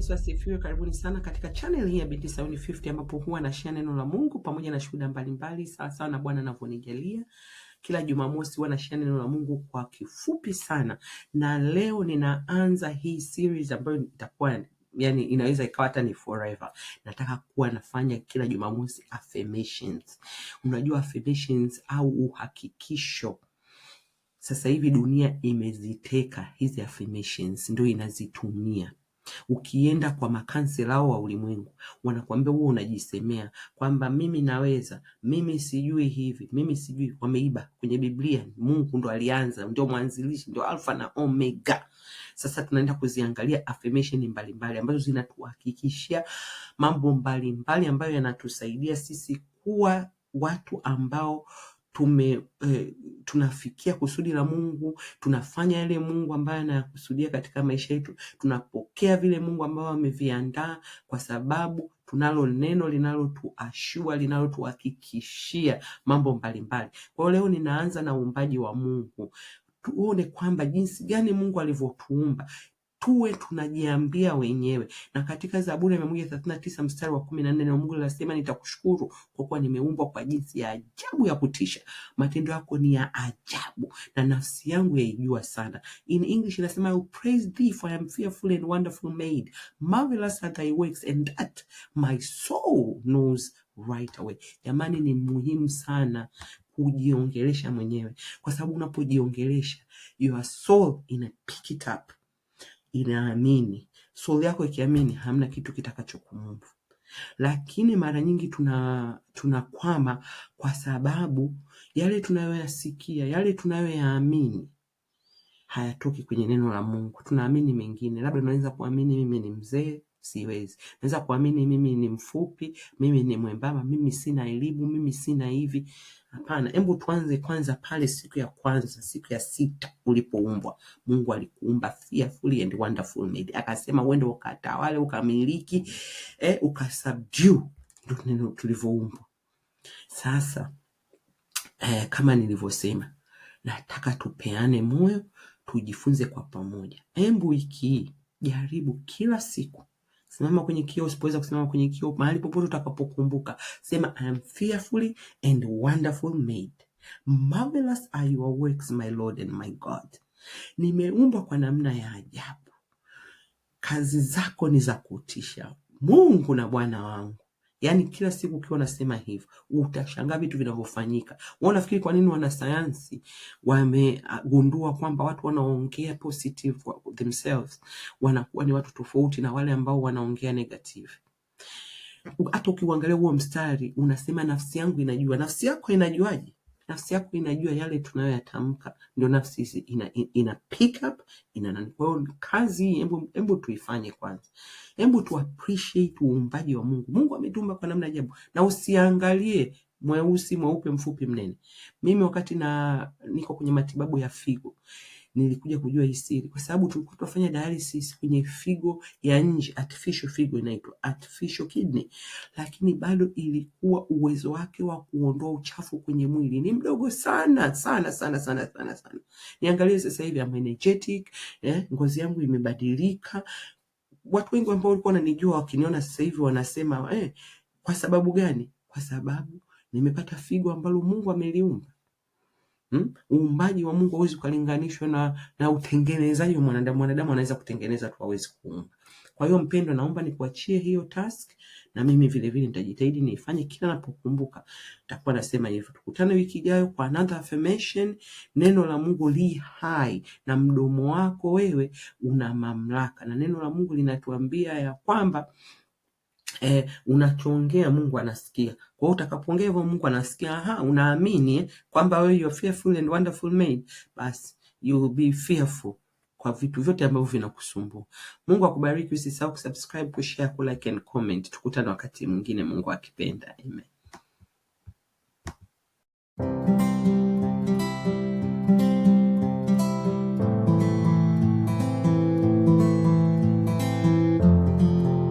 Yesu asifiwe. Karibuni sana katika channel hii ya Binti Sayuni 50 ambapo huwa nashia neno la Mungu pamoja na shuhuda mbalimbali sawasawa na Bwana anavyonijalia. Kila Jumamosi huwa nashia neno la Mungu kwa kifupi sana, na leo ninaanza hii series ambayo itakuwa yani inaweza ikawa hata ni forever. Nataka kuwa nafanya kila Jumamosi affirmations. Unajua affirmations au uhakikisho sasa hivi dunia imeziteka hizi affirmations, ndio inazitumia. Ukienda kwa makansela wa ulimwengu, wanakuambia huo unajisemea kwamba mimi naweza, mimi sijui hivi, mimi sijui. Wameiba kwenye Biblia. Mungu ndo alianza, ndio mwanzilishi, ndio alfa na omega. Sasa tunaenda kuziangalia affirmation mbalimbali ambazo zinatuhakikishia mambo mbalimbali mbali ambayo yanatusaidia sisi kuwa watu ambao tume eh, tunafikia kusudi la Mungu, tunafanya yale Mungu ambaye anayakusudia katika maisha yetu, tunapokea vile Mungu ambayo ameviandaa, kwa sababu tunalo neno linalotuashua linalotuhakikishia mambo mbalimbali. Kwa hiyo leo ninaanza na uumbaji wa Mungu, tuone kwamba jinsi gani Mungu alivyotuumba tuwe tunajiambia wenyewe. Na katika Zaburi ya mia moja thelathini na tisa mstari wa kumi na nne Mungu anasema nitakushukuru kwa kuwa nimeumbwa kwa jinsi ya ajabu ya kutisha, matendo yako ni ya ajabu na nafsi yangu yaijua sana. In English inasema I praise thee for I am fearfully and wonderfully made, marvelous are thy works and that my soul knows right away. Jamani, ni muhimu sana kujiongelesha mwenyewe, kwa sababu unapojiongelesha your soul ina pick it up inaamini. Soul yako ikiamini, hamna kitu kitakachokumudu. Lakini mara nyingi tuna tunakwama kwa sababu yale tunayoyasikia, yale tunayoyaamini hayatoki kwenye neno la Mungu. Tunaamini mengine, labda tunaweza kuamini mimi ni mzee, siwezi. Naweza kuamini mimi ni mfupi, mimi ni mwembamba, mimi sina elimu, mimi sina hivi. Hapana, hebu tuanze kwanza pale siku ya kwanza, siku ya sita ulipoumbwa. Mungu alikuumba fearfully and wonderfully made. Akasema uende ukatawale, ukamiliki, eh, ukasubdue. Ndio neno tulivyoumbwa. Sasa eh, kama nilivyosema, nataka tupeane moyo, tujifunze kwa pamoja. Hebu wiki hii jaribu kila siku Simama kwenye kio usipoweza kusimama kwenye kio mahali popote utakapokumbuka, sema I am fearfully and wonderful made. Marvelous are your works, my Lord and my God. Nimeumbwa kwa namna ya ajabu, kazi zako ni za kutisha, Mungu na Bwana wangu. Yaani kila siku ukiwa unasema hivyo utashangaa vitu vinavyofanyika. Wao nafikiri kwa nini wanasayansi wamegundua kwamba watu wanaongea positive themselves wanakuwa ni watu tofauti na wale ambao wanaongea negative. Hata ukiuangalia huo mstari unasema nafsi yangu inajua. Nafsi yako inajuaje? nafsi yako inajua yale tunayoyatamka, ndio nafsi hizi ina, ina pick up ina nani. Kwa hiyo kazi hii hebu hebu tuifanye kwanza, hebu tu appreciate uumbaji wa Mungu. Mungu ametumba kwa namna ajabu, na usiangalie mweusi mweupe mfupi mnene. Mimi wakati na niko kwenye matibabu ya figo nilikuja kujua hii siri kwa sababu tulikuwa tunafanya dialysis kwenye figo ya nje, artificial figo inaitwa artificial kidney, lakini bado ilikuwa uwezo wake wa kuondoa uchafu kwenye mwili ni mdogo sana sana sana sana sana sana. Niangalie sasa hivi am energetic eh, ngozi yangu imebadilika. Watu wengi ambao walikuwa wananijua wakiniona sasa hivi wanasema eh, kwa sababu gani? Kwa sababu nimepata figo ambalo Mungu ameliumba. Hmm? Uumbaji wa Mungu hauwezi kulinganishwa na, na utengenezaji wa mwanadamu. Mwanadamu anaweza kutengeneza tu, hawezi kuumba. Kwa hiyo mpendo, naomba nikuachie hiyo task na mimi vile vile nitajitahidi niifanye kila napokumbuka. Nitakuwa nasema hivyo. Tukutane wiki ijayo kwa another affirmation. Neno la Mungu li hai na mdomo wako wewe una mamlaka, na neno la Mungu linatuambia ya kwamba E, unachoongea Mungu anasikia. Kwa hiyo utakapoongea hivyo Mungu anasikia. Aha, unaamini eh, kwamba wewe you are fearful and wonderful made, basi you will be fearful kwa vitu vyote ambavyo vinakusumbua. Mungu akubariki, usisahau kusubscribe, kushare, kulike and comment. Tukutane wakati mwingine Mungu akipenda. Amen.